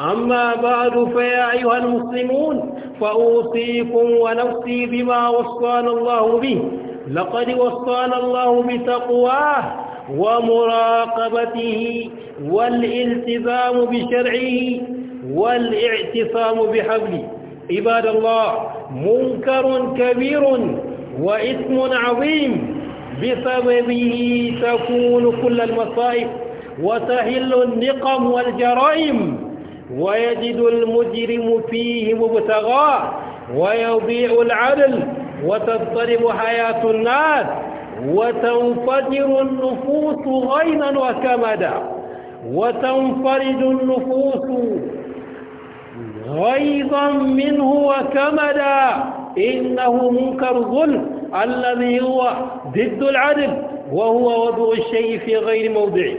أما بعد فيا أيها المسلمون فأوصيكم ونفسي بما وصانا الله به لقد وصانا الله بتقواه ومراقبته والالتزام بشرعه والاعتصام بحبله عباد الله منكر كبير وإثم عظيم بسببه تكون كل المصائب وتهل النقم والجرائم ويجد المجرم فيه مبتغاه ويضيع العدل وتضطرب حياة الناس وتنفجر النفوس غينا وكمدا وتنفرد النفوس غيظا منه وكمدا إنه منكر ظلم الذي هو ضد العدل وهو وضع الشيء في غير موضعه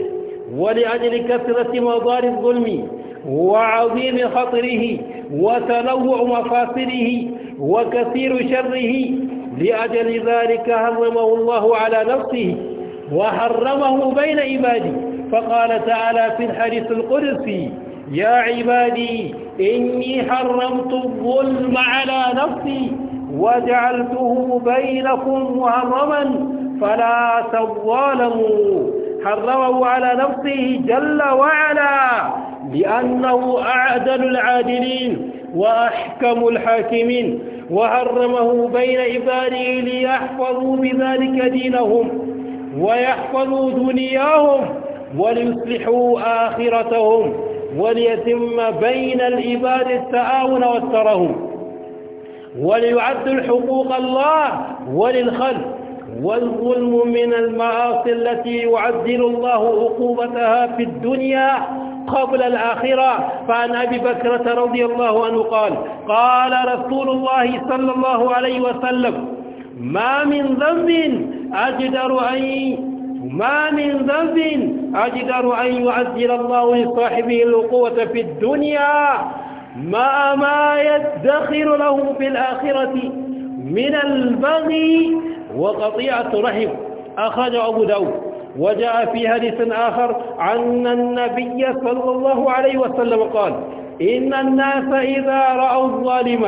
ولأجل كثرة مضار الظلم وعظيم خطره وتنوع مفاصله وكثير شره لأجل ذلك حرمه الله على نفسه وحرمه بين عباده فقال تعالى في الحديث القدسي يا عبادي إني حرمت الظلم على نفسي وجعلته بينكم محرما فلا تظالموا حرمه على نفسه جل وعلا لأنه أعدل العادلين وأحكم الحاكمين وهرمه بين عباده ليحفظوا بذلك دينهم ويحفظوا دنياهم وليصلحوا آخرتهم وليتم بين العباد التعاون والترهم وليعدوا حقوق الله وللخلق والظلم من المعاصي التي يعدل الله عقوبتها في الدنيا قبل الآخرة فعن أبي بكرة رضي الله عنه قال قال رسول الله صلى الله عليه وسلم ما من ذنب أجدر أن ما من ذنب أجدر أن يعزل الله لصاحبه القوة في الدنيا ما ما يدخر له في الآخرة من البغي وقطيعة رحم أخرج أبو داود وجاء في حديث آخر أن النبي صلى الله عليه وسلم قال إن الناس إذا رأوا الظالم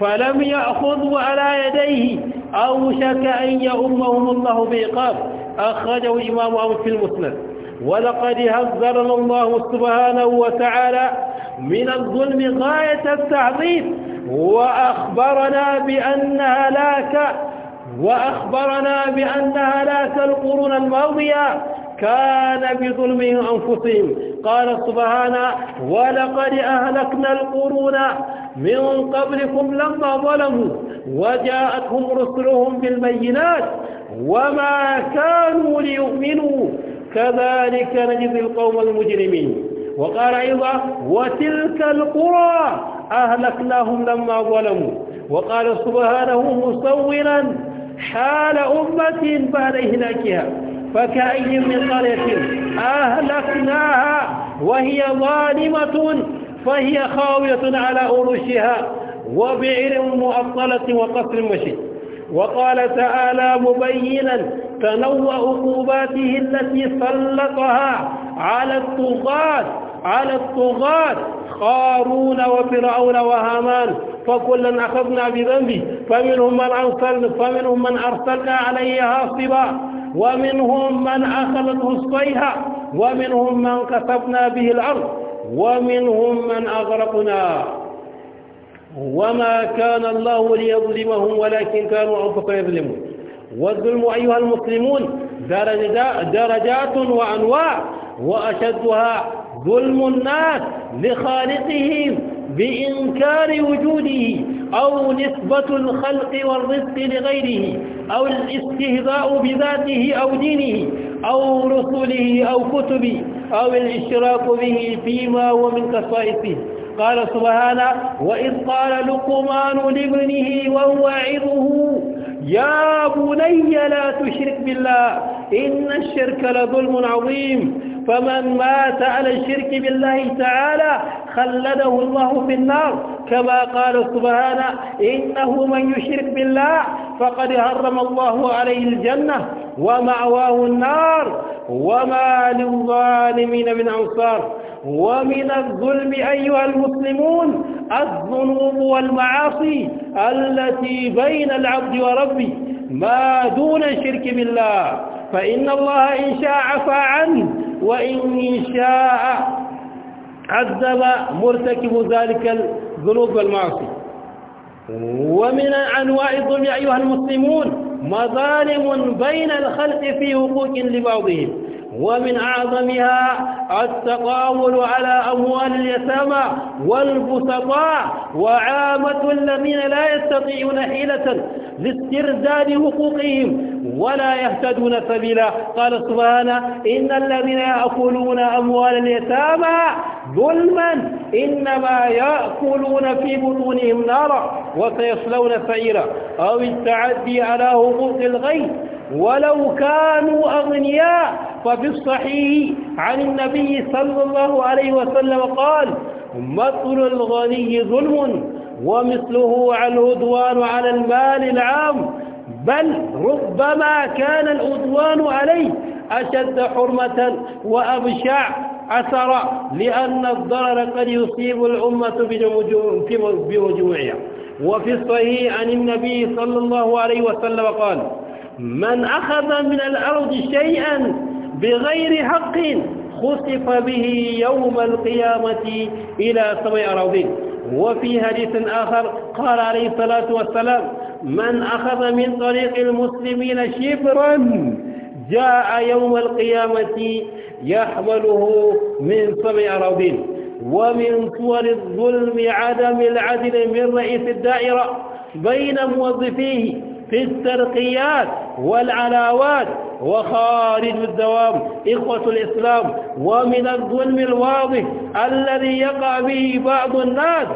فلم يأخذوا على يديه أوشك أن يؤمهم الله بعقاب أخرجه الإمام أمر في المسند ولقد هزرنا الله سبحانه وتعالى من الظلم غاية التعظيم وأخبرنا بأن هلاك وأخبرنا بأن هلاك القرون الماضية كان بظلمهم أنفسهم قال سبحانه ولقد أهلكنا القرون من قبلكم لما ظلموا وجاءتهم رسلهم بالبينات وما كانوا ليؤمنوا كذلك نجزي القوم المجرمين وقال أيضا وتلك القرى أهلكناهم لما ظلموا وقال سبحانه مصورا حال أمة بعد إهلاكها فكأي من قرية أهلكناها وهي ظالمة فهي خاوية على أرشها وبئر مؤطلة وقصر مشيد وقال تعالى مبينا تنوع عقوباته التي سلطها على الطغاة على الطغاة قارون وفرعون وهامان فكلا أخذنا بذنبه فمنهم من أرسلنا, فمنهم من أرسلنا عليه هاصبا ومنهم من أخذته الصيحة ومنهم من كسبنا به الأرض ومنهم من أغرقنا وما كان الله ليظلمهم ولكن كانوا أنفسهم يظلمون والظلم أيها المسلمون درجات وأنواع وأشدها ظلم الناس لخالقهم بإنكار وجوده أو نسبة الخلق والرزق لغيره أو الاستهزاء بذاته أو دينه أو رسله أو كتبه أو الاشتراك به فيما هو من خصائصه قال سبحانه وإذ قال لقمان لابنه وهو عظه يا بني لا تشرك بالله إن الشرك لظلم عظيم فمن مات على الشرك بالله تعالى خلده الله في النار كما قال سبحانه إنه من يشرك بالله فقد هرم الله عليه الجنة ومأواه النار وما للظالمين من أنصار ومن الظلم أيها المسلمون الذنوب والمعاصي التي بين العبد وربه ما دون الشرك بالله فإن الله إن شاء عفى عنه وإن شاء عذب مرتكب ذلك الذنوب والمعصي ومن أنواع الظلم أيها المسلمون مظالم بين الخلق في حقوق لبعضهم ومن أعظمها التقاول على أموال اليتامى والبسطاء وعامة الذين لا يستطيعون حيلة لاسترداد حقوقهم ولا يهتدون سبيلا قال سبحانه إن الذين يأكلون أموال اليتامى ظلما إنما يأكلون في بطونهم نارا وسيصلون سعيرا أو التعدي على حقوق الغيث ولو كانوا أغنياء ففي الصحيح عن النبي صلى الله عليه وسلم قال مثل الغني ظلم ومثله العدوان على المال العام بل ربما كان العدوان عليه أشد حرمة وأبشع أثرا لأن الضرر قد يصيب الأمة بوجوعها وفي الصحيح عن النبي صلى الله عليه وسلم قال من أخذ من الأرض شيئا بغير حق خصف به يوم القيامة إلى سبع أراضين وفي حديث آخر قال عليه الصلاة والسلام من أخذ من طريق المسلمين شبرا جاء يوم القيامة يحمله من سبع أراضين ومن صور الظلم عدم العدل من رئيس الدائرة بين موظفيه في الترقيات والعلاوات وخارج الدوام إخوة الإسلام ومن الظلم الواضح الذي يقع به بعض الناس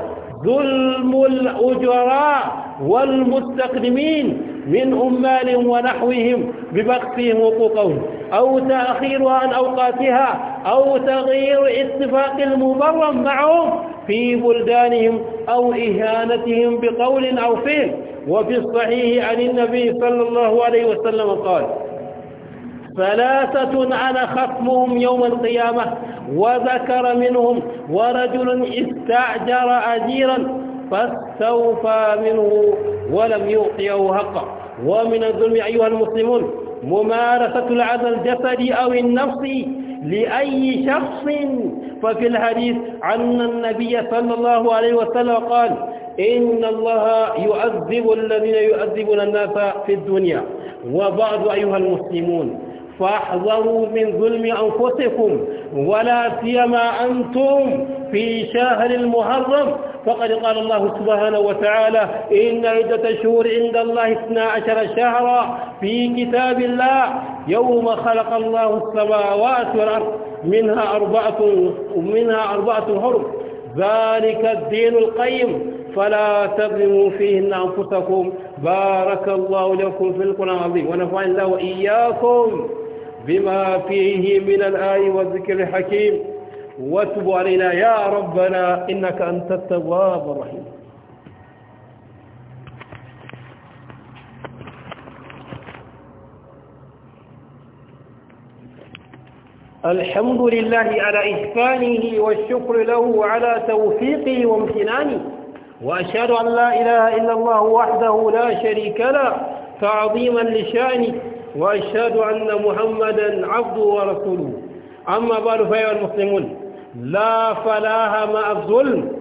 ظلم الأجراء والمستقدمين من أمال ونحوهم ببخسهم وقوقهم أو تأخيرها عن أوقاتها أو تغيير اتفاق المبرم معهم في بلدانهم أو إهانتهم بقول أو فعل وفي الصحيح عن النبي صلى الله عليه وسلم قال ثلاثة أنا خصمهم يوم القيامة وذكر منهم ورجل استأجر أجيرا فاستوفى منه ولم يعطيه حقه ومن الظلم أيها المسلمون ممارسة العزى الجسدي أو النفسي لأي شخص ففي الحديث عن النبي صلى الله عليه وسلم قال إن الله يعذب الذين يعذبون الناس في الدنيا وبعض أيها المسلمون فاحذروا من ظلم أنفسكم ولا سيما أنتم في شهر المحرم فقد قال الله سبحانه وتعالى إن عدة الشهور عند الله اثنا عشر شهرا في كتاب الله يوم خلق الله السماوات والأرض منها أربعة ومنها أربعة حرم ذلك الدين القيم فلا تظلموا فيهن أنفسكم بارك الله لكم في القرآن العظيم ونفعني الله وإياكم بما فيه من الآي والذكر الحكيم وتب علينا يا ربنا إنك أنت التواب الرحيم الحمد لله على إحسانه والشكر له على توفيقه وامتنانه وأشهد أن لا إله إلا الله وحده لا شريك له تعظيما لشأنه وأشهد أن محمدا عبده ورسوله أما بعد فأيها المسلمون لا فلاح مع الظلم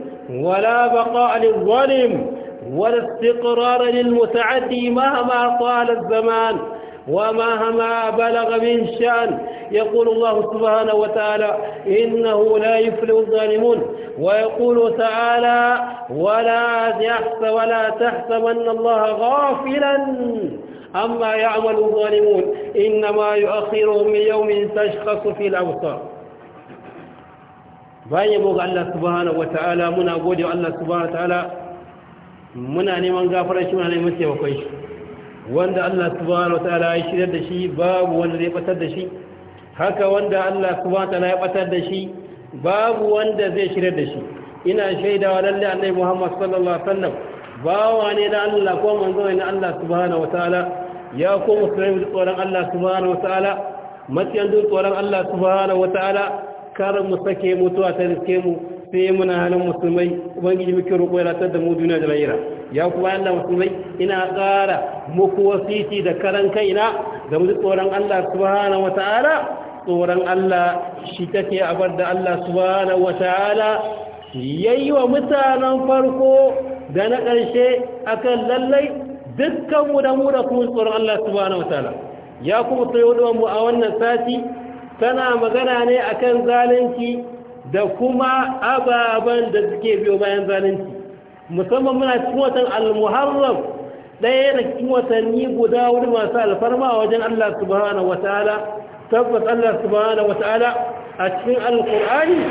ولا بقاء للظالم ولا استقرار للمتعدي مهما طال الزمان ومهما بلغ من شأن يقول الله سبحانه وتعالى إنه لا يفلح الظالمون ويقول تعالى ولا يحس ولا تحسبن الله غافلا أما يعمل الظالمون إنما يؤخرهم من يوم تشخص في الأبصار bayan yabo ga Allah subhanahu wataala muna gode wa Allah subhanahu wataala muna neman gafarar shi muna neman taimakon shi wanda Allah subhanahu wataala ya shirya da shi babu wanda zai batar da shi haka wanda Allah subhanahu wataala ya batar da shi babu wanda zai shirya da shi ina shaidawa lalle annabi Muhammad sallallahu alaihi wasallam bawa ne da Allah ko manzo ne Allah subhanahu wataala ya ko musulmi da tsoron Allah subhanahu wataala matiyan da tsoron Allah subhanahu wataala kar mu sake mutuwa ta riske mu sai muna halin musulmai ubangiji muke roƙo ya da mu duniya da lahira ya kuma Allah musulmai ina ƙara muku wasiti da karan kaina ga mu tsoron Allah subhanahu wataala tsoron Allah shi take abar da Allah subhanahu wataala yayi wa mutanen farko da na ƙarshe akan lallai dukkanmu da mu da kuma tsoron Allah subhanahu wataala ya kuma sayo mu a wannan sati tana magana ne akan zalunci da kuma ababen da suke biyo bayan zalunci musamman muna cikin watan al-muharram ɗaya da cikin watanni guda wani masu alfarma wajen Allah subhanahu wataala tabbas Allah subhanahu wataala a cikin alkur'ani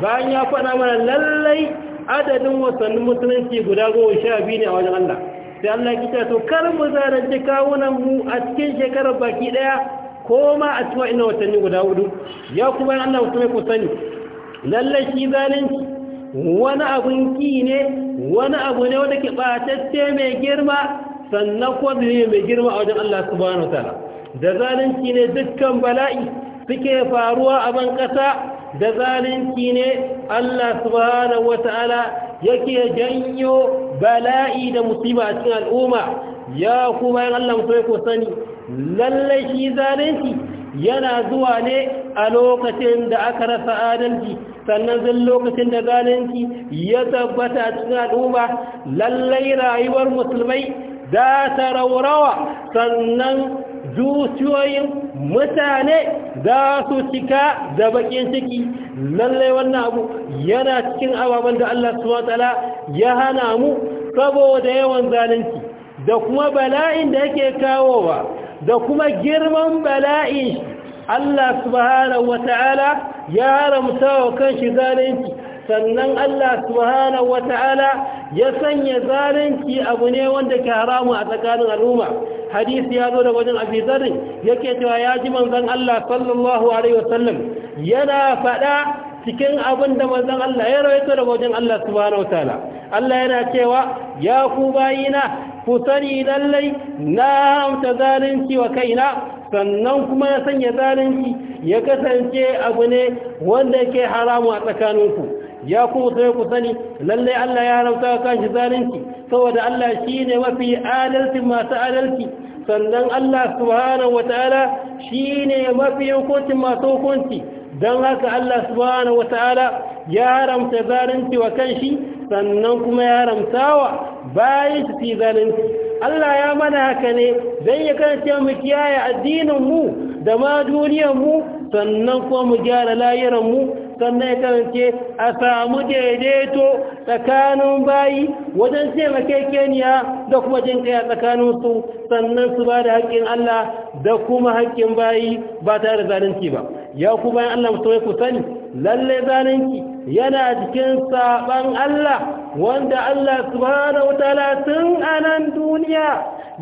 bayan ya faɗa mana lallai adadin wasannin musulunci guda goma sha biyu ne a wajen Allah sai Allah ya kita to kar mu zarance kawunan mu a cikin shekarar baki ɗaya ko ma a cikin wa'in watanni guda hudu ya kuma yan Allah mutum ku sani lallai shi zalunci wani abun ki ne wani abu ne wanda ke batacce mai girma sannan ko ne mai girma a wajen Allah subhanahu wataala da zalunci ne dukkan bala'i suke faruwa a ban kasa da zalunci ne Allah subhanahu wataala yake janyo bala'i da musiba a cikin al'umma ya kuma yan Allah mutum ku sani lallai shi zalunci yana zuwa ne a lokacin da aka rasa adalci sannan zan lokacin da zalunci ya tabbata a cikin al'umma lallai rayuwar musulmai za ta raurawa sannan zuciyoyin mutane za su cika da bakin ciki lallai wannan abu yana cikin ababen da Allah su matsala ya hana mu saboda yawan zalunci da kuma bala'in da yake kawowa da kuma girman bala'in Allah subhanahu wata'ala ya ramta wa kanshi zalunci sannan Allah subhanahu wata'ala ya sanya zalunci abu ne wanda ke haramu a tsakanin al'umma hadisi ya zo da wajen abizarin yake cewa ya ji manzon Allah sallallahu alaihi wasallam yana faɗa cikin abin da manzon Allah ya rawaito da wajen Allah subhanahu wataala Allah yana cewa ya ku bayina ku sani lallai na amsa zalunci wa kaina sannan kuma ya sanya zalunci ya kasance abu ne wanda yake haramu a tsakaninku ya ku sai ku sani lallai Allah ya haramta shi zalunci saboda Allah shine mafi adalci masu adalci sannan Allah subhanahu wataala shine mafi hukunci masu hukunci don haka Allah subhanahu wata'ala ya haramta zalunci wa kanshi sannan kuma ya haramtawa bayan su fi zalunci Allah ya mana haka ne don ya kanta mu kiyaye addinin mu da ma duniyar mu sannan kuma mu gyara layiran mu sannan ya karance a samu daidaito tsakanin bayi wajen taimakekeniya da kuma jin kaya tsakaninsu sannan su ba da haƙƙin Allah da kuma haƙƙin bayi ba tare da zalunci ba ya ku bayan Allah mutum ya ku sani lallai zalunci yana cikin saban Allah wanda Allah subhanahu wataala tun anan duniya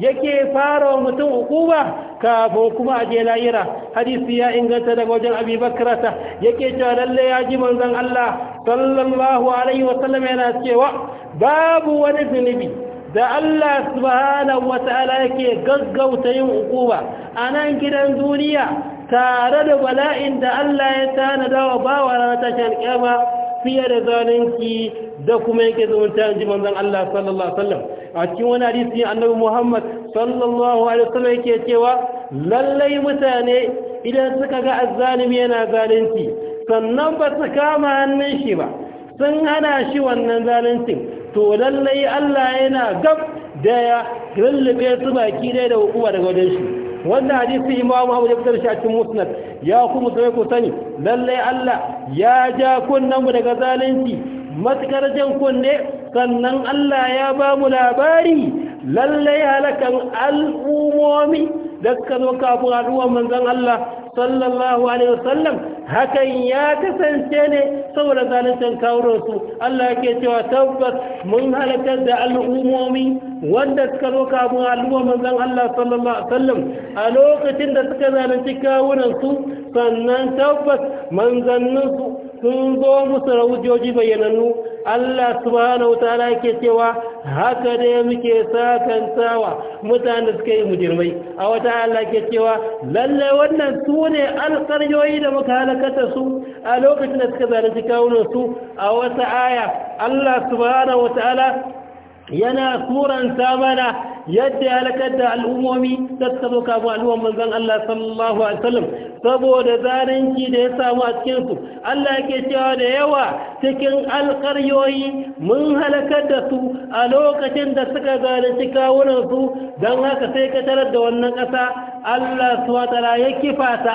yake fara mutum hukuma kafin kuma aje lahira hadisi ya inganta daga wajen Abi Bakrata yake cewa lalle ya ji manzon Allah sallallahu alaihi sallam yana cewa babu wani zunubi da Allah subhanahu wataala yake gaggauta yin hukuma a nan gidan duniya tare da bala'in da Allah ya tanada wa bawa ranar tashin alƙiyama fiye da zalunci da kuma yake zumunta in ji manzon Allah sallallahu alaihi wasallam a cikin wani hadisi annabi Muhammad sallallahu alaihi wasallam yake cewa lallai mutane idan suka ga azzalimi yana zalunci sannan ba su kama hannun shi ba sun hana shi wannan zaluncin to lallai Allah yana gab da ya lullube su baki dai da hukuma daga wajen shi wannan hadisi imamu Ahmad ya fitar shi a cikin musnad ya ku musulmai ku sani lallai Allah ya ja kunnen mu daga zalunci matukar jan kunne sannan Allah ya ba mu labari lallai halakan al'umomi da suka zo kafin al'uwan manzon Allah sallallahu alaihi wasallam hakan ya kasance ne saboda zaluncin kawuransu Allah yake cewa tabbas mun halakar da al'ummomi wanda suka zo kafin al'umma manzon Allah sallallahu alaihi wasallam a lokacin da suka zalunci kawunansu sannan tabbas manzanninsu sun zo musu rahujoji bayyanannu Allah subhanahu ta'ala yake cewa haka ne muke sakantawa mutane suka yi mujirmai a wata Allah ke cewa lalle wannan su ne alƙaryoyi da muka halakata su a lokacin da suka zalunci kawunan su a wata aya Allah subhanahu ta'ala yana turanta mana yadda ya halakar da al'ummomi da suka zo kafin manzan Allah sallallahu alaihi wasallam saboda zaranci da ya samu a cikinsu. Allah yake cewa da yawa cikin alƙaryoyi mun halakar da su a lokacin da suka zalunci kawunan don haka sai ka tarar da wannan ƙasa Allah subhanahu ya kifata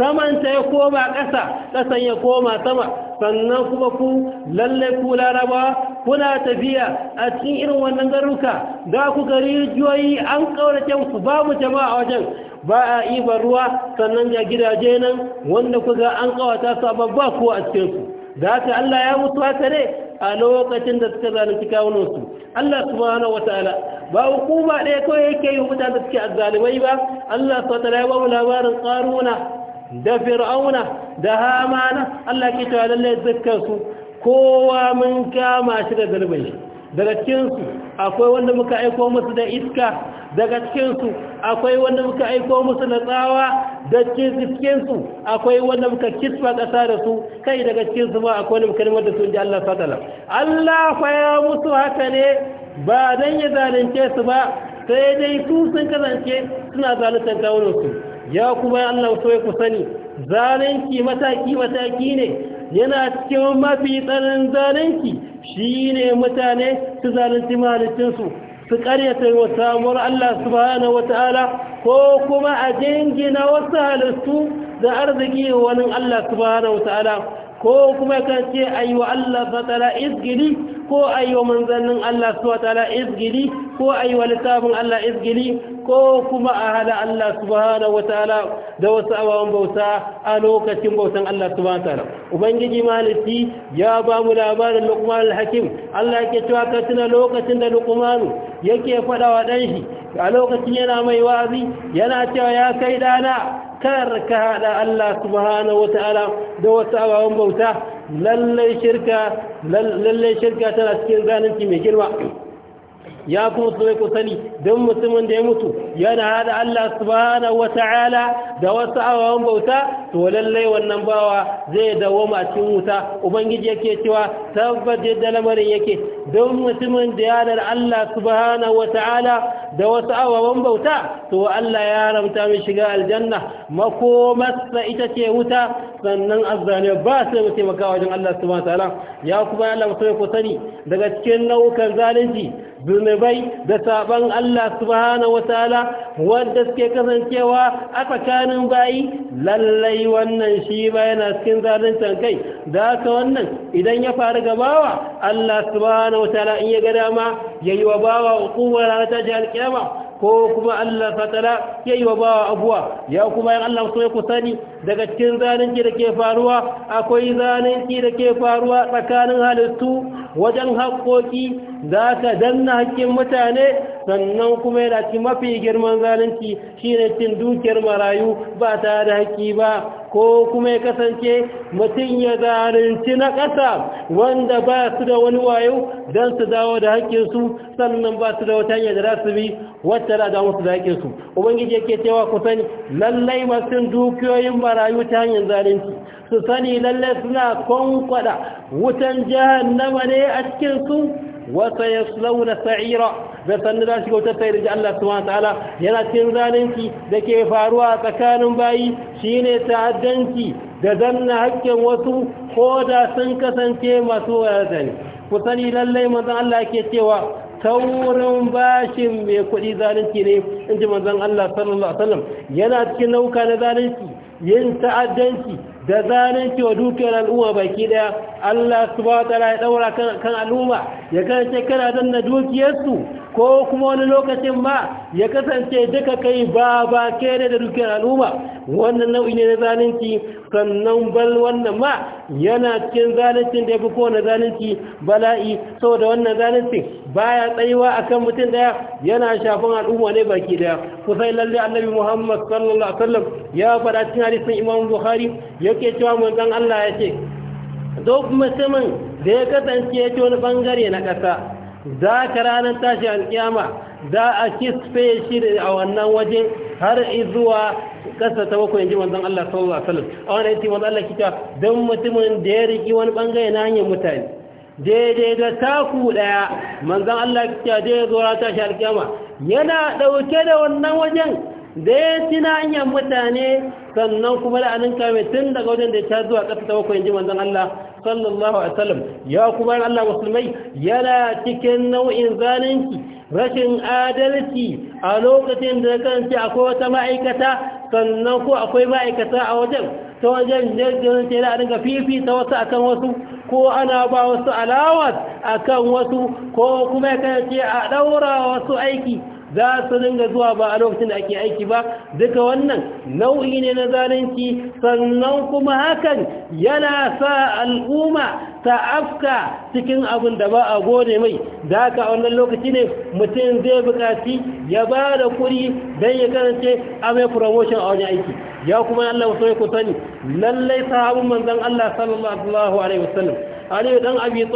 samanta ya koma ƙasa ƙasan ya koma sama sannan kuma ku lallai ku laraba kuna tafiya a cikin irin wannan garuka ga ku gari rijiyoyi an kaurace ku babu jama'a wajen ba a ba ruwa sannan ga gidaje nan wanda ku ga an kawata su amma ba kowa a cikin su da haka Allah ya mutu haka ne a lokacin da suka zalunci kawunansu Allah subhanahu wataala ba hukuma ɗaya kawai yake yi mutane da suke azzalimai ba Allah subhanahu ya ba mu labarin karuna da fir'auna da hamana Allah ke cewa lallai su. kowa mun kama shi da zalmai daga cikinsu akwai wanda muka aiko musu da iska daga cikinsu akwai wanda muka aiko musu da tsawa da cikinsu akwai wanda muka kisfa ƙasa da su kai daga cikinsu ma akwai wanda muka nima da sun inji Allah fatala Allah faya musu haka ne ba don ya zalunce su ba sai dai su sun kasance suna zalunta kawunansu ya kuma Allah so ya ku sani zalunci mataki-mataki ne yana cikin mafi tsarin zalunci shi ne mutane su zalunci mahalicinsu su karyata wa samuwar Allah subhanahu ta'ala ko kuma a jingina wasu halittu da arziki wani Allah subhanahu ta'ala. ko kuma kan ce a yi wa Allah ta'ala izgili ko a yi wa manzannin Allah ta'ala izgili ko a yi littafin Allah izgili ko kuma a hada Allah subhanahu wa ta'ala da wasu abawan bauta a lokacin bautan Allah subhanahu wa ta'ala ubangiji maliki ya ba mu labarin luqman al-hakim Allah yake cewa ka tuna lokacin da luqman yake fada wa dan shi a lokacin yana mai wazi yana cewa ya kai dana kar ka haɗa Allah subhanahu wata'ala da wasu ababen bauta lallai shirka lallai shirka tana cikin zalunci mai girma ya kuma su ku sani don mutumin da ya mutu yana hada Allah subhanahu wata'ala da wasu awawan bauta to lallai wannan bawa zai dawoma cikin wuta ubangiji yake cewa tabbaje da lamarin yake don mutumin da ya da Allah subhanahu wata'ala da wasu awawan bauta to Allah ya ramta mai shiga aljanna makomarsa ita ce wuta sannan azzane ba sai mu taimaka wajen Allah subhanahu wata'ala ya kuma Allah ku sani daga cikin nau'ukan zalunci zunubai da saban Allah subhanahu wataala wanda suke kasancewa a tsakanin bayi lallai wannan shi ba yana cikin zaluntan kai da haka wannan idan ya faru ga bawa Allah subhanahu wataala in ya ga dama yayi wa bawa hukuma ranar ta jihar kiyama ko kuma Allah fatala ya yi wa bawa abuwa ya kuma yan Allah so ya sani daga cikin zalunci da ke faruwa akwai zalunci da ke faruwa tsakanin halittu wajen haƙoƙi za ka danna haƙƙin mutane sannan kuma yana ci mafi girman zalunci shine cin dukiyar marayu ba ta da haƙƙi ba ko kuma ya kasance mutum ya zarunci na ƙasa wanda ba su da wani wayo don su dawo da haƙƙinsu sannan ba su da wata hanyar da za su bi wata da damu su da haƙƙinsu ubangiji yake cewa ku sani lallai masu dukiyoyin marayu ta hanyar zalunci su sani lallai suna kwankwada wutan jihar nama ne a cikinsu وسيصلون sa'ira da sannu za shiga wutar sai da Allah subhanahu ta'ala yana cikin zalunci da ke faruwa tsakanin bayi shine ta'addanci da zanna haƙƙin wasu ko da sun kasance masu wadata ne ku sani lallai manzon Allah yake cewa taurin bashin mai kuɗi zalunci ne in ji Allah sallallahu yana cikin nauka na zalunci yin ta'addanci da zalunci wa dukiyar al'umma baki daya Allah subhanahu wataala ya daura kan al'umma ya kasance kana danna dukiyarsu ko kuma wani lokacin ma ya kasance duka kai ba ba ke ne da dukiyar al'umma wannan nau'i ne na zalunci sannan bal wannan ma yana cikin zaluncin da ya fi kowane zalunci bala'i saboda wannan zalunci baya tsayuwa akan mutum daya yana shafan al'umma ne baki daya kusan lalle annabi muhammad sallallahu alaihi wasallam ya faɗa cikin hadisin imam bukhari yake cewa manzon allah ya ce duk musamman da ya kasance ya ci wani bangare na ƙasa za ka ranar tashi alƙiyama za a kisfe shi a wannan wajen har zuwa ƙasa ta bakwai inji manzon Allah sallallahu alaihi wasallam a wannan yake manzon Allah kika don mutumin da ya riki wani bangare na hanyar mutane daidai da taku daya manzan Allah ya je zuwa ta sharkama yana ɗauke da wannan wajen da ya ci na mutane sannan kuma da anin kame tun daga wajen da ya ta zuwa ƙasa ta bakwai yanzu manzan Allah sallallahu alaihi wasallam ya kuma Allah musulmai yana cikin nau'in zalunci rashin adalci a lokacin da kan ce akwai wata ma'aikata sannan ko akwai ma'aikata a wajen ta wajen jirgin sai da dinga fifita wasu akan wasu ko ana ba wasu alawar akan wasu ko kuma ya kasance a ɗaura wasu aiki za su dinga zuwa ba a lokacin da ake aiki ba duka wannan nau'i ne na zalunci sannan kuma hakan yana sa al'umma ta afka cikin abin da ba a gode mai da haka a wannan lokaci ne mutum zai bukaci ya ba da kuri don ya karance a mai promotion a wajen aiki ya kuma Allah wasu ku sani lallai sahabun manzan Allah sallallahu alaihi wasallam Ali dan Abi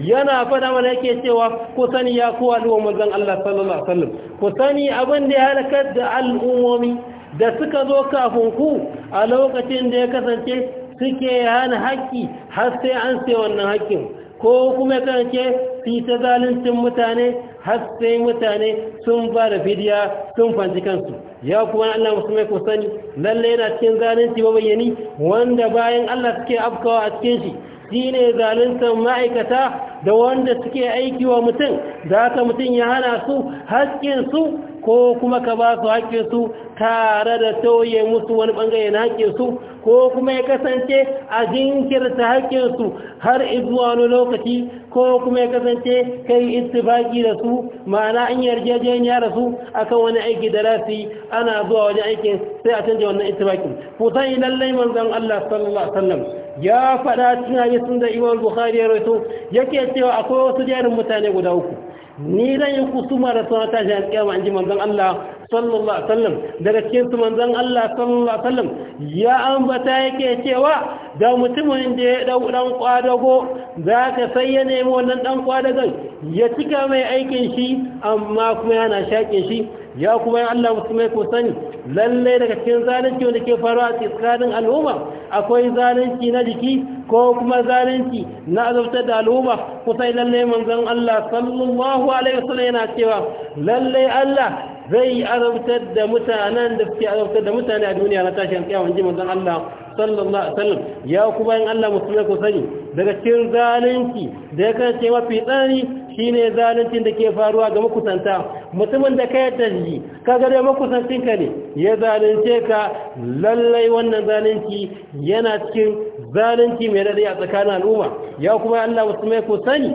yana fada mana yake cewa ku sani ya kuwa al'umma manzan Allah sallallahu alaihi wasallam ku sani abin da ya halakar da al'ummomi da suka zo kafin ku a lokacin da ya kasance suke hana haƙƙi har sai an sai wannan haƙƙin ko kuma ya kasance su ta zaluncin mutane har sai mutane sun ba da fidiya sun fanci kansu ya kuma Allah musulmai ku sani lalle yana cikin zalunci ba bayyani wanda bayan Allah suke afkawa a cikin shi shine zaluntar ma'aikata da wanda suke aiki wa mutum da haka mutum ya hana su haƙƙin su ko kuma ka ba su haƙƙinsu su tare da sauye musu wani ɓangare na haƙƙinsu ko kuma ya kasance a jinkirta haƙƙinsu su har izuwa wani lokaci ko kuma ya kasance kai ittifaki da su ma'ana an yarjejeniya da su kan wani aiki da rafi ana zuwa wajen aikin sai a canza wannan fusan idan lallai zan Allah sallallahu alaihi wasallam ya faɗa cikin hadisin da Imam Bukhari ya rawaito yake cewa akwai wasu jerin mutane guda uku ni zan yi kusuma da sauran tashi a tsaye an ji Allah sallallahu alaihi daga cikinsu manzan Allah sallallahu alaihi ya ambata yake cewa da mutumin da ya dau dan kwadago zaka sai ya nemi wannan dan kwadagon ya cika mai aikin shi amma kuma yana shakin shi ya kuma yin Allah musulmai ko sani lalle daga cikin zalunci wanda ke faru a tsakanin al'umma akwai zalunci na jiki ko kuma zalunci na azabtar da al'umma kusa lalle manzon Allah sallallahu alaihi wasallam yana cewa lalle Allah zai azabtar da mutanen da suke azabtar da mutane a duniya na tashin kiyama ji manzon Allah sallallahu alaihi wasallam ya kuma yin Allah musulmai ko sani daga cikin zalunci da ya kace mafi tsani Shi ne zaluncin da ke faruwa ga makusanta mutumin da ka yadda shi ka gare makusantinka ne ya zalunce ka lallai wannan zalunci yana cikin zalunci mai rari a tsakanin al'umma ya kuma Allah wasu mai sani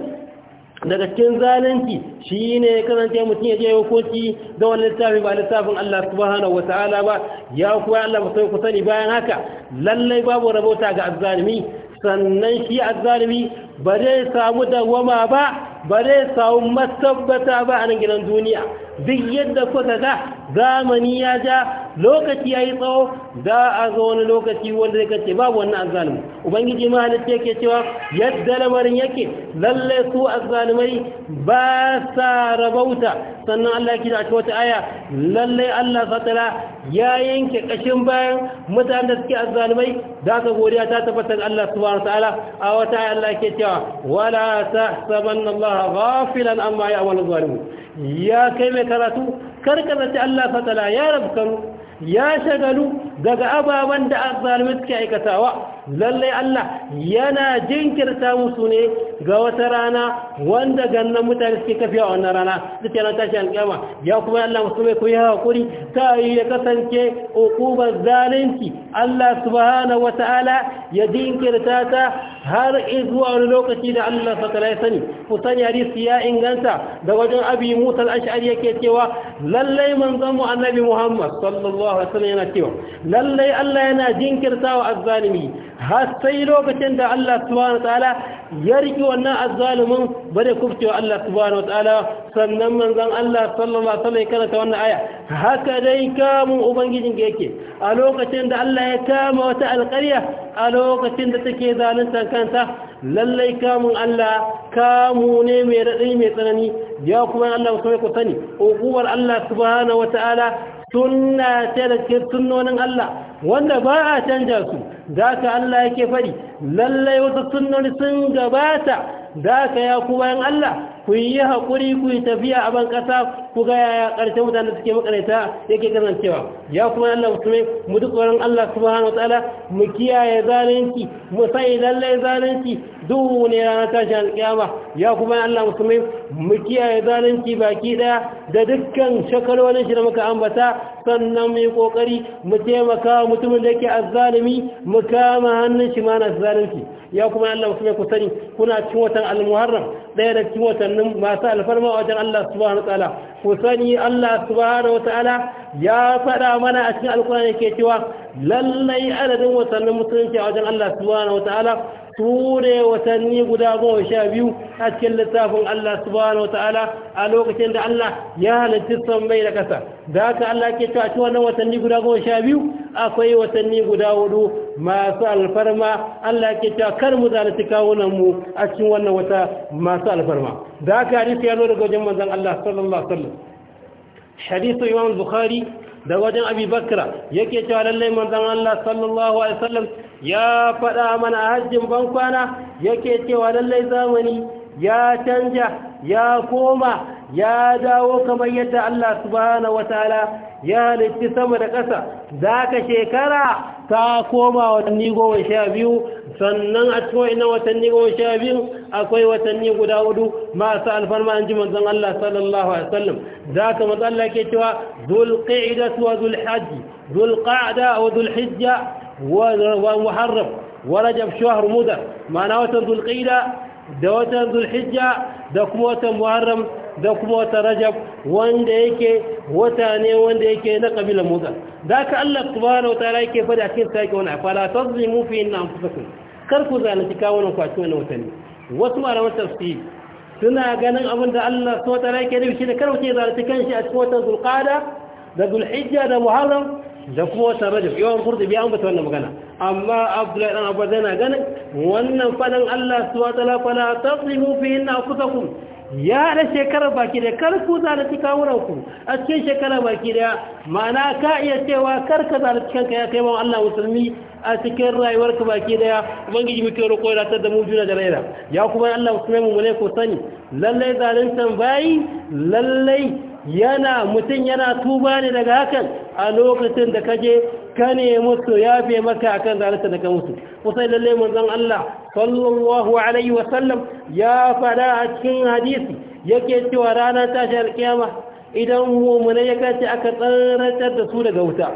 daga cikin zalunci shi ne kasance mutum ya je hukunci da wani littafi ba littafin Allah subhanahu wata'ala ba ya kuma Allah musulmai ku sani bayan haka lallai babu rabota ga azzalimi sannan shi azzalimi ba zai samu dawama ba ba zai samu matabbata ba a nan gidan duniya duk yadda kuka ga zamani ya ja lokaci ya yi tsawo za a zo wani lokaci wanda zai kace babu wannan azzalumi ubangiji ma halitta yake cewa yadda lamarin yake lalle su azzalumai ba sa rabauta sannan Allah ya kira wata aya lalle Allah fatala ya yanke kashin bayan mutanen da suke azzalumai da ka godiya ta tabbatar Allah subhanahu wataala a wata aya Allah yake cewa wala tahsabanna Allah ghafilan amma ya'malu zalimun ya kai mai karatu kar ka karkata Allah fatala ya rabkanu ya shagalu daga ababen da azalumai suke aikatawa lallai Allah yana jinkirta musu ne ga wata rana wanda gannan mutane suke kafiya a wannan rana duk yana tashi alƙama ya kuma Allah musulmai ku yi hakuri ta yi ya kasance hukumar zalunci Allah subhanahu wata'ala ya jinkirta ta har zuwa wani lokaci da Allah sakala ya sani ku sani hadisi ya inganta da wajen abi musa al yake cewa lallai manzon mu annabi Muhammad sallallahu sallallahu alaihi wasallam yana cewa lallai Allah yana jinkirtawa azzalimi har sai lokacin da Allah subhanahu wataala ya riki wannan azzalumin bare kufcewa Allah subhanahu wataala sannan manzon Allah sallallahu alaihi wasallam karanta wannan aya haka dai kamun ubangijin ka yake a lokacin da Allah ya kama wata alƙarya a lokacin da take zalunta kanta lallai kamun Allah kamu ne mai raɗi mai tsanani ya kuma Allah musamman ku sani hukumar Allah subhanahu wataala sunna ce da cikin sunnonin Allah wanda ba a canja su da ka Allah yake faɗi lallai wasu sunnoni sun gabata da ka ya ku bayan Allah ku yi haƙuri ku yi tafiya a ban ƙasa ku ga yaya ƙarshen mutane suke makaranta yake kasancewa ya kuma Allah musulmi mu duk tsoron Allah subhanahu wa ta'ala mu kiyaye zalunci mu sai lallai zalunci duhu ne ranar tashi alkiyama ya kuma Allah musulmi mu kiyaye zalunci baki ɗaya da dukkan shakalolin shi da muka ambata sannan mu yi kokari mu taimaka mutumin da yake azzalimi mu kama hannun shi ma na zalunci ya kuma Allah musulmi ku sani kuna cin watan al daya da cin watannin masu alfarma wajen Allah subhanahu wataala ku sani Allah subhanahu wataala ya faɗa mana a cikin alkurani ke cewa lallai adadin watannin musulunci a wajen Allah subhanahu wataala su ne watanni guda goma sha biyu a cikin littafin Allah subhanahu wataala a lokacin da Allah ya halittu son mai da ƙasa da haka Allah ke cewa cikin wannan watanni guda goma sha biyu akwai watanni guda hudu masu alfarma Allah ke cewa kar mu zalunci kawunan mu a cikin wannan wata masu alfarma da haka hadisi ya zo daga wajen manzon Allah sallallahu alaihi wasallam hadithu imam bukhari da wajen abi bakra yake cewa lallai manzon Allah sallallahu alaihi wasallam ya faɗa mana a hajjin bankwana yake cewa lallai zamani ya canja ya koma ya dawo kamar yadda Allah subhanahu wataala ya halitti sama da ƙasa zaka shekara ta koma watanni goma sha biyu sannan a cikin ina watanni goma sha biyu akwai watanni guda hudu masu alfarma an ji manzon Allah sallallahu alaihi wasallam zaka manzo Allah ke cewa zulqa'da wa zulhajj zulqa'da wa zulhijja wa muharram wa rajab shahr mudar ma'ana watan zulqa'da da watan zulhijja da kuma watan muharram da kuma watan rajab wanda yake wata ne wanda yake na kabilan musa da ka Allah subhanahu wataala yake fada cikin sake wannan fala tazlimu fi inna anfusakum kar ku zalunci kawunan ku a wani watanni wasu malaman tafsiri suna ganin abin da Allah wata wataala ke nufi shi da kar ku zalunci kanshi a cikin watan zulqada da zulhijja da muharram da kuma wata rajab yawan biya an bata wannan magana amma abdullahi dan abba yana ganin wannan fadan Allah suwa tala fala tasrifu fi inna anfusakum ya da shekarar baki da kar ku zalunci kawuran ku a cikin shekara baki da ma'ana ka iya cewa kar ka zalunci kanka ya kai Allah musulmi a cikin rayuwar ka baki da ubangiji muke roƙo da tattar da mu juna da raira ya kuma Allah musulmi mu ne ko sani lallai zaluntan bayi lallai. yana mutum yana tuba ne daga hakan a lokacin da kaje ka ne musu yafe maka akan zalunta da ka musu kusa lalle zan Allah sallallahu alaihi wa ya fada a cikin hadisi yake cewa ranar tashi alkiyama idan mu'mina ya kace aka tsarantar da su daga wuta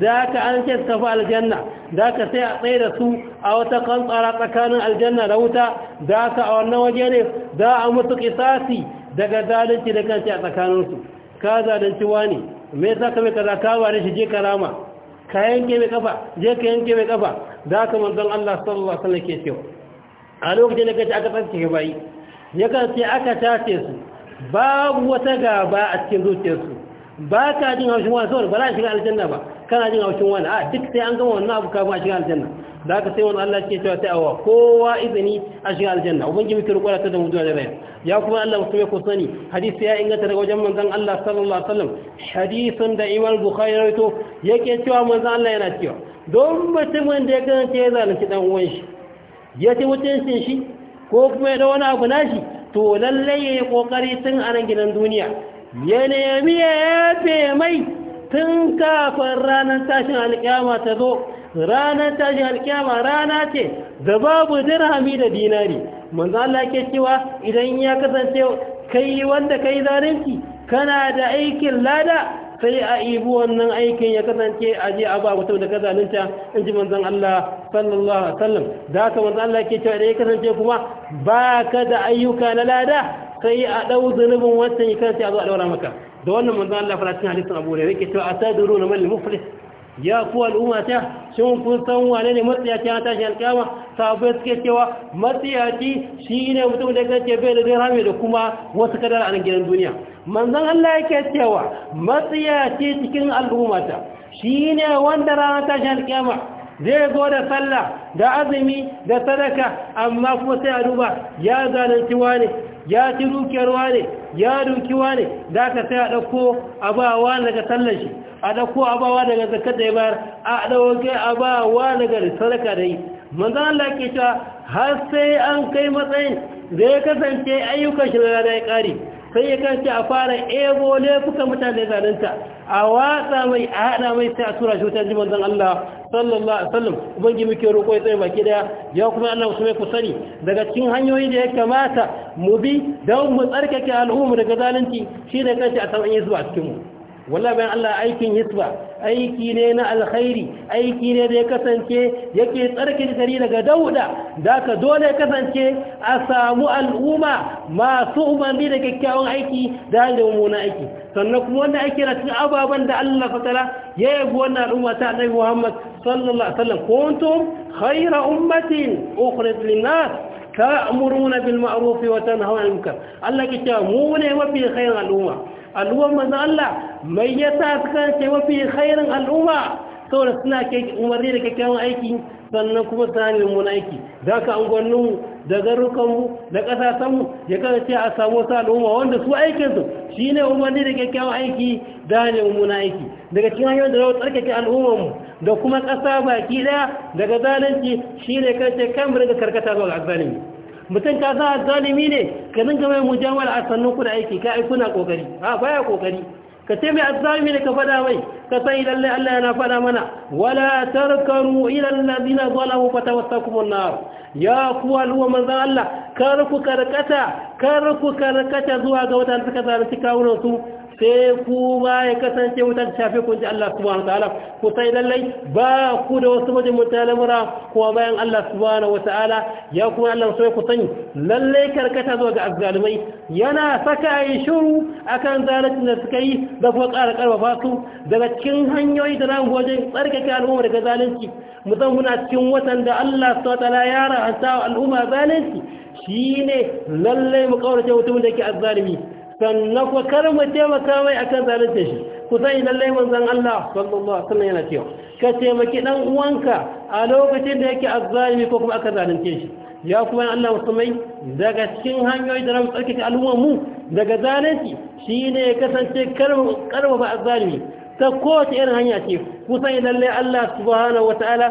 zaka an ce tafi aljanna za ka sai a tsaye da su a wata kantsara tsakanin aljanna da wuta za ka a wannan waje ne za a mutu kisasi daga zalunci da kanci a tsakaninsu ka zalunci wani me za ka mai kaza ka ware shi je karama ka yanke mai kafa je ka yanke mai kafa za ka manzon Allah sallallahu alaihi wasallam ke cewa a lokacin da kace aka tsarkake bayi ya kace aka tace su babu wata gaba a cikin zuciyarsu ba ka jin haushin wani saboda ba za a shiga aljanna ba kana jin haushin wani a duk sai an gama wannan abu kafin a shiga aljanna da aka sai wani Allah ke cewa sai awa kowa izini a shiga aljanna ubangiji muke rukwara ta da mu zuwa da rayuwa ya kuma Allah mutum ya ku sani hadisi ya inganta daga wajen manzan Allah sallallahu alaihi wasallam hadisin da Imam Bukhari ya rawaito yake cewa manzan Allah yana cewa don mutumin da ya ganta ya zalunci dan uwan shi ya ci mutuncin shi ko kuma ya da wani abu nashi to lallai ya yi kokari tun a nan gidan duniya ya nemi ya yafe mai tun kafin ranar tashin alkyama ta zo ranar tashin alkyama rana ce da babu dirhami da dinari manzo Allah ke cewa idan ya kasance kai wanda kai zalunci kana da aikin lada sai a ibi wannan aikin ya kasance a je a ba mutum da ka zalunta in ji manzon Allah sallallahu alaihi wasallam da haka manzon Allah ke cewa da ya kasance kuma ba ka da ayyuka na lada sai a ɗau zunubin wancan ya sai a zo a ɗaura maka da wannan manzo Allah fara cikin hadisin Abu Hurairah yake cewa ataduru na mal muflis ya ku al'umma ta shin kun san wane ne matsiyaci na tashi alƙiyama sahabbai suke cewa matsiyaci shine mutum da kace bai da dirhami da kuma wasu kadar a gidan duniya manzan Allah yake cewa matsiyaci cikin al'umma ta shine wanda rana tashi alƙiyama zai zo da sallah da azumi da sadaka amma kuma sai a duba ya zalunci wane ya ci dukiyar wane ya duki wane da ka sai a ɗauko abawa daga sallar shi a ɗauko abawa daga zakar da ya bayar a ɗauke abawa daga sarka da yi manzan Allah ke cewa har sai an kai matsayin da ya kasance ayyukan shi na ya ƙari sai ya kanci a fara ebo laifukan mutane zanenta a watsa mai a haɗa mai sai a tura shi wutar jiman zan Allah sallallahu alaihi wasallam ubangi muke roƙo ya tsaye baki daya ya kuma Allah musu mai kusani daga cikin hanyoyi da ya kamata mu bi don mu tsarkake al'ummu daga zalunci shi ne kanci a san an yi zuwa cikin mu wallahi bayan Allah aikin hisba aiki ne na alkhairi aiki ne da ya kasance yake tsarkin gari daga dauda da ka dole ya kasance a samu al'umma masu umarni da kyakkyawan aiki da hanyar mummunan aiki sannan kuma wanda ake na cikin ababen da Allah fatala ya yabi wannan al'umma ta annabi Muhammad sallallahu alaihi wasallam kuntum khayra ummatin ukhrijat lin-nas تأمرون بالمعروف وتنهون عن Allah ke كتاب مو ne mafi khairin al'umma al'ummar manzon Allah mai yasa suka ce mafi khairin al'umma saboda suna ke umarni da kyakkyawan aiki sannan kuma suna ne mun aiki za ka angwanninmu da garukanmu da ƙasasanmu ya ce a samu wasu al'umma wanda su aikinsu shi ne umarni da kyakkyawan aiki da ne mun aiki daga cikin hanyar da rawar tsarkake al'ummarmu da kuma ƙasa baki ɗaya daga zalunci shi ne ce kan daga karkata zuwa ga zalunci mutum ka san zalimi ne ka dinga mai mujamala a sannan ku da aiki ka aiki kuna kokari ha baya kokari ka ce mai azzalimi ne ka fada mai ka idan lai Allah yana fada mana wala tarkaru ila alladhina zalamu fatawassakum an-nar ya ku alwa manzan Allah kar ku karkata kar ku karkata zuwa ga wata suka zalunci kawunan su sai kuma ya kasance wutar shafi kunci Allah subhanahu wataala ku sai lallai ba ku da wasu mutane lamura kuma bayan Allah subhanahu wataala ya kuma Allah sai ku sani lallai karkata zuwa ga azzalumai yana saka yi shiru akan zalincin da suka yi da kuma ƙara karfafa su daga cikin hanyoyi da zamu wajen tsarkake al'umma daga zalunci mu zan cikin watan da Allah subhanahu wataala ya rahanta al'umma zalunci shine lallai mu kaurace mutumin da yake azzalumi sannan kuma kar mu taimaka mai akan zalunta shi ku sani lallai zan Allah sallallahu alaihi wasallam yana cewa ka taimaki dan uwanka a lokacin da yake azzalimi ko kuma aka zalunce shi ya kuma Allah musulmai daga cikin hanyoyi da na tsarkake al'ummar mu daga zalunci Shi ne ya kasance karba ba azzalimi ta kowace irin hanya ce ku sani lallai Allah subhanahu ta'ala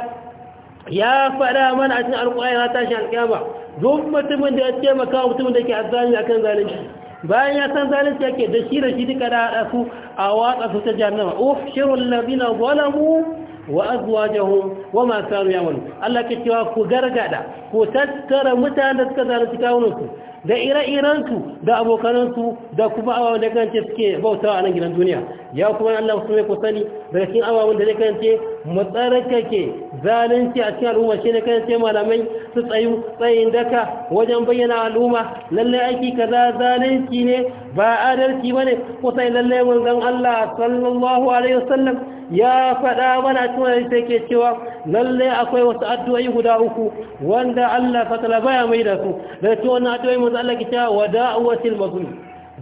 ya faɗa mana a cikin alƙur'ani na tashin alƙiyama duk mutumin da ya taimaka mutumin da yake azzalimi akan zalunci bayan ya san zalunci yake da shi da shi duka da haɗa su a watsa su ta jami'a uf shirul ladina gwalamu wa azwajahum wa masu kanu ya'malun Allah ke cewa ku gargada ku tattara mutanen da suka zalunci kawunansu da ire-irensu da abokanansu da kuma ababen da kance suke bauta a nan gidan duniya ya kuma Allah su mai kusani daga cikin ababen da kance ke zalunci a cikin al'umma shi ne kance malamai su tsayu tsayin daka wajen bayyana al'umma lalle aiki kaza zalunci ne ba adalci ba ne? kusan lalle manzon Allah sallallahu alaihi wasallam ya faɗa mana cikin sai ke cewa lalle akwai wasu addu'o'i guda uku wanda Allah tala baya mai da su da to wannan addu'o'i mutu Allah ke cewa wa da'awatil mazlum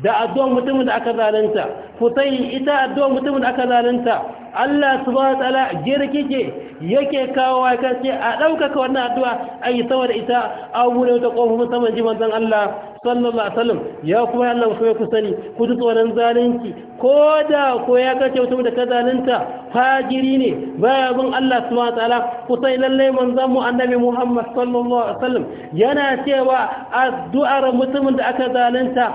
da addu'ar mutumin da aka zalunta futai ita addu'ar mutumin da aka zalunta Allah subhanahu ta'ala girkike yake kawo kan ce a ɗaukaka wannan addu'a ayi saboda ita a wurin ta kofin musamman jiman dan Allah sallallahu alaihi wasallam ya kuma ya Allah sai ku sani ku ji tsoron zalunci ko da ko ya kace mutum da ka zalunta fajiri ne baya bin Allah subhanahu wataala ku sai lalle manzon mu annabi Muhammad sallallahu alaihi wasallam yana cewa addu'ar mutumin da aka zalunta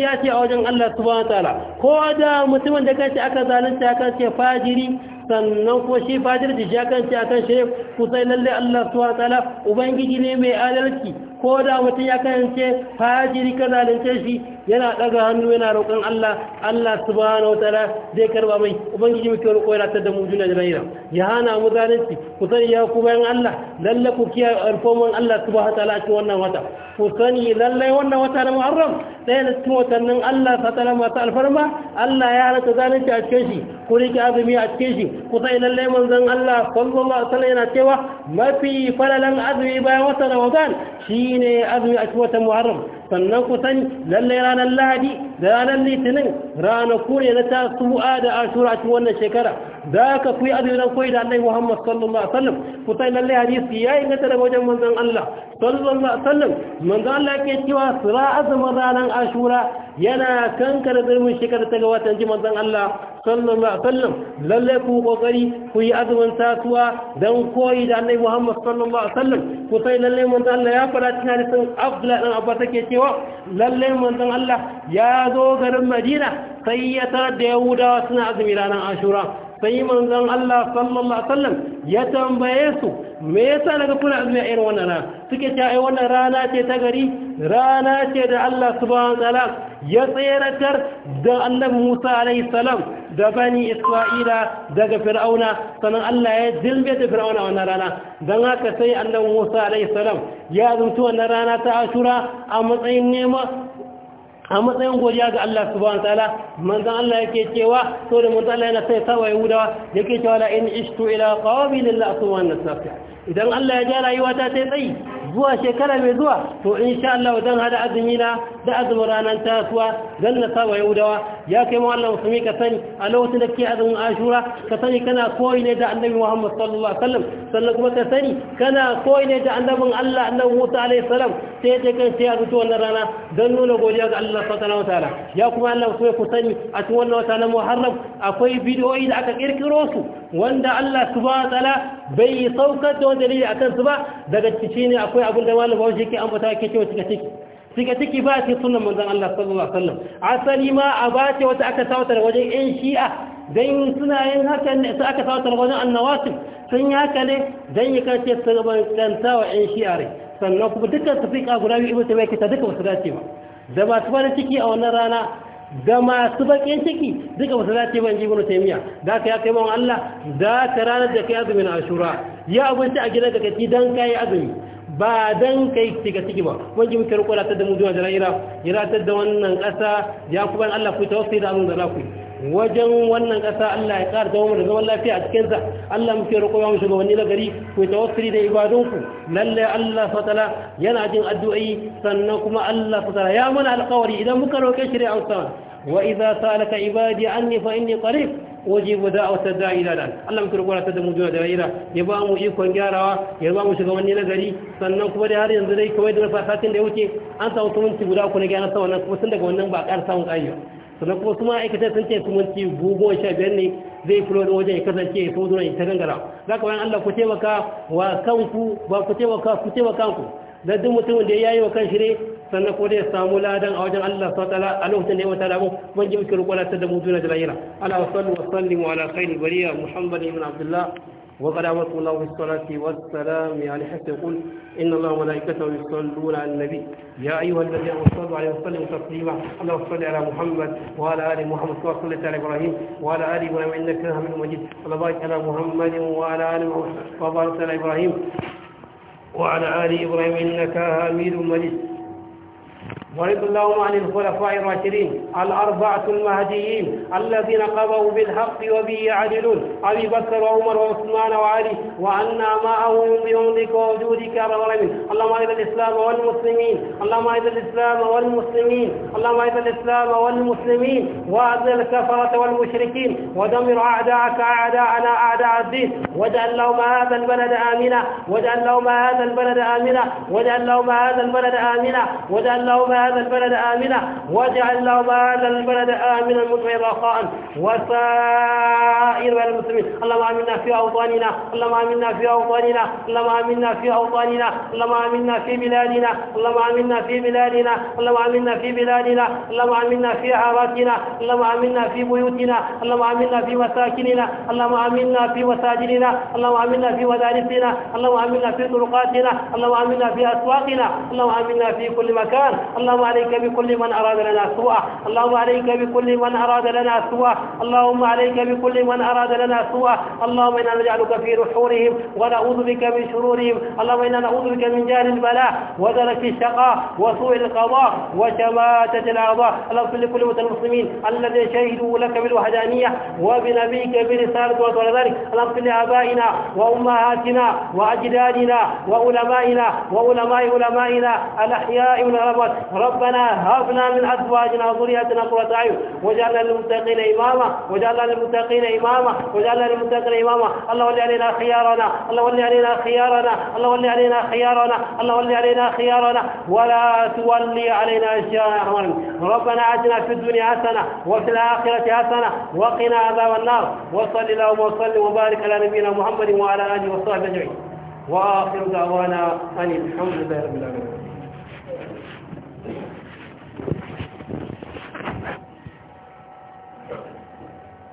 ya ce a wajen Allah subhanahu wataala ko da mutumin da kace aka zalunta ya ce fajiri sannan kuma shi fajirci shi akan ce akan shi ku sai lalle Allah subhanahu ta'ala? ubangiji ne mai adalci ko da mutum ya kasance fajiri ka zalunce shi yana daga hannu yana roƙon Allah Allah subhanahu wataala zai karba mai ubangiji muke roƙo yana tada mu juna da raina ya hana mu zalunci ku sani ya ku bayan Allah lalle ku kiyaye alfoman Allah subhanahu wataala a cikin wannan wata ku sani lalle wannan wata na Muharram ɗaya da cikin watannin Allah fatala masu alfarma Allah ya halatta zalunci a cikin shi ku rike azumi a cikin shi ku sani lalle manzon Allah sallallahu alaihi wasallam yana cewa mafi falalan azumi bayan watan Ramadan shine azumi a cikin watan Muharram sannan kusan lallai ranar lahadi da ranar litinin ranaku ne na tasu'a da ashura cikin wannan shekara za ka fi azumin koyi da annabi Muhammad sallallahu alaihi wasallam ku sai lalle hadisi yayi na daga wajen manzon Allah sallallahu alaihi wasallam manzon Allah yake cewa sura azumin ranar ashura yana kankara zulmin shekara ta gabata ji manzon Allah sallallahu alaihi wasallam lalle ku kokari ku yi azumin tasuwa don koyi da annabi Muhammad sallallahu alaihi wasallam ku sai lalle manzon Allah ya fara cikin hadisin Abdullah dan Abbas yake cewa lalle manzon Allah ya ya zo garin madina sai ya tarar da yahudawa suna azumi ranar ashura sai manzon Allah sallallahu alaihi wasallam ya tambaye su me yasa daga kuna azumi a irin wannan rana suke cewa ai wannan rana ce ta gari rana ce da Allah subhanahu wataala ya tseratar da annabi Musa alaihi salam da bani Isra'ila daga Fir'auna sanan Allah ya dilbe da Fir'auna wannan rana dan haka sai annabi Musa alaihi salam ya zunta wannan rana ta Ashura a matsayin nema a matsayin godiya ga Allah subhanahu ta'ala manzon Allah yake cewa to da manzon Allah yana sai sawa yahudawa yake cewa la in ishtu ila qabil la aswan nasafiya idan Allah ya ja rayuwata sai tsayi zuwa shekara mai zuwa to insha Allah dan hada azumi na da azumin ranar tasuwa zan na saba yaudawa ya kai mu Allah musulmi ka sani a lokacin da kake azumin ashura ka sani kana koyi ne da annabi Muhammad sallallahu alaihi wasallam sannan kuma ka sani kana koyi ne da annabin Allah annabi Musa alaihi salam sai ya kan sai ya zuto wannan rana dan nuna godiya ga Allah subhanahu wataala ya kuma Allah musulmi ku sani a cikin wannan wata na Muharram akwai bidiyoyi da aka kirkiro su wanda Allah subhanahu wataala bai saukar da wani dalili akan su ba daga ciki ne akwai abin da malam bawo an ambata yake cewa cika ciki cika ciki ba a ce sunan manzon Allah sallallahu alaihi wasallam asali ma a ba ce wata aka tawata wajen yan shi'a dan suna yin haka ne sai aka tawata wajen annawasim sun yi haka ne dan yi kace sabanta wa yan shi'a rai sannan kuma dukkan tafiqa guda biyu ibnu tabi'a ta duka wasu dace ba da masu farin ciki a wannan rana da masu bakin ciki duka wasu dace ban jibin taimiyya da ka ya kaimawan Allah da ka ranar da ka yi azumin ashura ya abinci a gida da ka don ka yi azumi ba dan kai shiga ciki ba wani ji muke rikola ta da mu zuwa jara'ira jiratar da wannan ƙasa ya kuma Allah ku tawassi da abin da za ku wajen wannan ƙasa Allah ya ƙara zama da zaman lafiya a cikinsa Allah muke roƙo ya mu shugabanni na gari ku tawassuli da ibadanku. lalle Allah fatala yana jin addu'ai sannan kuma Allah fatala ya mana alƙawari idan muka roƙe shi da amsa wa idza salaka ibadi anni fa inni qarib wajibu da'awata wata ila dan Allah muke roƙon ta da mu da da'ira ya ba mu ikon gyarawa ya ba mu shiga wani nagari sannan kuma da har yanzu dai kawai da na satin da ya wuce an samu tumunci guda ku na gyara sa kuma sun daga wannan ba ƙara samun ƙayyar sannan kuma kuma aikata sun ce tumunci goma sha biyar ne zai fito da wajen ya kasance ya so zuwa ta gangara za ka wani Allah ku taimaka wa kanku ba ku taimaka ku taimaka kanku da duk mutumin da ya yi wa kan shirye sannan ko da ya samu ladan a wajen Allah subhanahu ta'ala a lokacin da ya wata lamu ban ji muke roƙon ta da mu juna da lahira ala wa sallu wa sallimu ala khairil bariya muhammad ibn abdullah wa qadama sallallahu alaihi salati wa salam ya ali hatta yaqul inna allaha wa malaikatahu yusalluna ala nabi ya ayyuha alladhina amanu sallu alaihi wa sallimu taslima allahumma salli ala muhammad wa ala ali muhammad wa salli ala ibrahim wa ala ali ibrahim innaka hamidum majid wa barik ala muhammad wa ala ali muhammad wa barik ala ibrahim وعلى آل إبراهيم إنك حميد مجيد ورد اللهم عن الخلفاء الراشدين الأربعة المهديين الذين قضوا بالحق وبه يعدلون أبي بكر وعمر وعثمان وعلي وعنا معهم بعمرك ووجودك يا رب العالمين اللهم أعز الإسلام والمسلمين اللهم أعز الإسلام والمسلمين اللهم أعز الإسلام والمسلمين وأذل الكفرة والمشركين ودمر أعداءك أعداءنا أعداء الدين واجعل لهم هذا البلد آمنا واجعل لهم هذا البلد آمنا واجعل لهم هذا البلد آمنا واجعل لهم هذا البلد آمنا واجعل اللهم هذا البلد آمنا مطمئن رخاء وسائر المسلمين اللهم آمنا في أوطاننا اللهم آمنا في أوطاننا اللهم آمنا في أوطاننا اللهم آمنا في بلادنا اللهم آمنا في بلادنا اللهم آمنا في بلادنا اللهم آمنا في عراتنا اللهم آمنا في بيوتنا اللهم آمنا في مساكننا اللهم آمنا في مساجدنا اللهم آمنا في مدارسنا اللهم آمنا في طرقاتنا اللهم آمنا في أسواقنا اللهم آمنا في كل مكان اللهم اللهم عليك بكل من أراد لنا سوءا اللهم عليك بكل من أراد لنا سوءا اللهم عليك بكل من أراد لنا سوءا اللهم إنا نجعلك في نحورهم ونعوذ بك من شرورهم اللهم إنا نعوذ بك من جهل البلاء ودرك الشقاء وسوء القضاء وشماتة الأعضاء اللهم صل لكل مسلم المسلمين الذين شهدوا لك بالوحدانية وبنبيك برسالة وطول ذلك اللهم صل لآبائنا وأمهاتنا وأجدادنا وعلمائنا وعلماء علمائنا الأحياء والأموات ربنا هب لنا من أزواجنا وذرياتنا قرة أعين واجعلنا للمتقين إماما واجعلنا للمتقين إماما وجعلنا للمتقين إماما الله ولي علينا خيارنا الله ولي علينا خيارنا الله ولي علينا خيارنا الله ولي علينا خيارنا ولا تولي علينا شرهم ربنا آتنا في الدنيا حسنة وفي الآخرة حسنة وقنا عذاب النار وصل اللهم وصل وبارك على نبينا محمد وعلى آله وصحبه أجمعين وآخر دعوانا أن الحمد لله رب العالمين